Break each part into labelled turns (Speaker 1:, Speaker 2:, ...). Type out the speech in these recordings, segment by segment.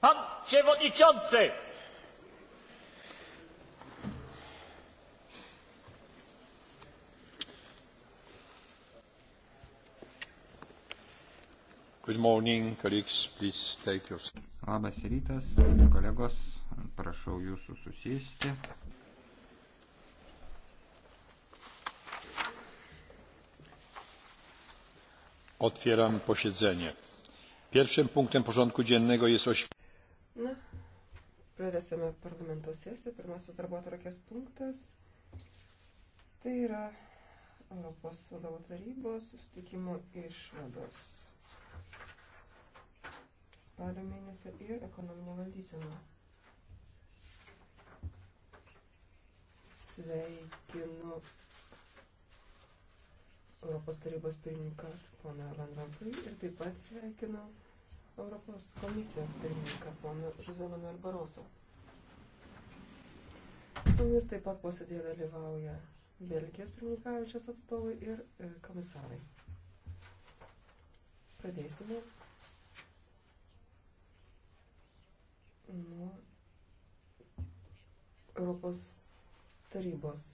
Speaker 1: Pan przewodniczący! Good morning, colleagues, please take your... Labas rytas, kolegos, prašau jūsų susėsti. Otwieram posiedzenie. Pierwszym punktem porządku dziennego jest oświadczenie.
Speaker 2: Na, pradėsime parlamento sesiją. Pirmasis darbo atrakės punktas. Tai yra Europos vadovų tarybos sustikimo išvados. Spalio mėnesio ir ekonominė valdysena. Sveikinu Europos tarybos pirmininką poną Van Rampui ir taip pat sveikinu Europos komisijos pirmininką, poną Žuzę Manuel Baroso. Su mumis taip pat posėdėje dalyvauja Belgijos pirmininkaujančios atstovai ir e, komisarai. Pradėsime nuo Europos tarybos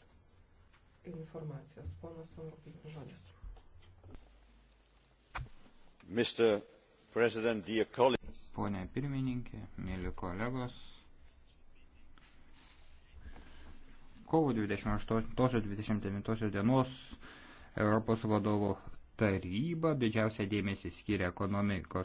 Speaker 2: informacijos. Ponas Europijos žodis.
Speaker 1: Mr. Pone pirmininkė, mėly kolegos, kovo 28-29 dienos Europos vadovų taryba didžiausia dėmesį skiria ekonomikos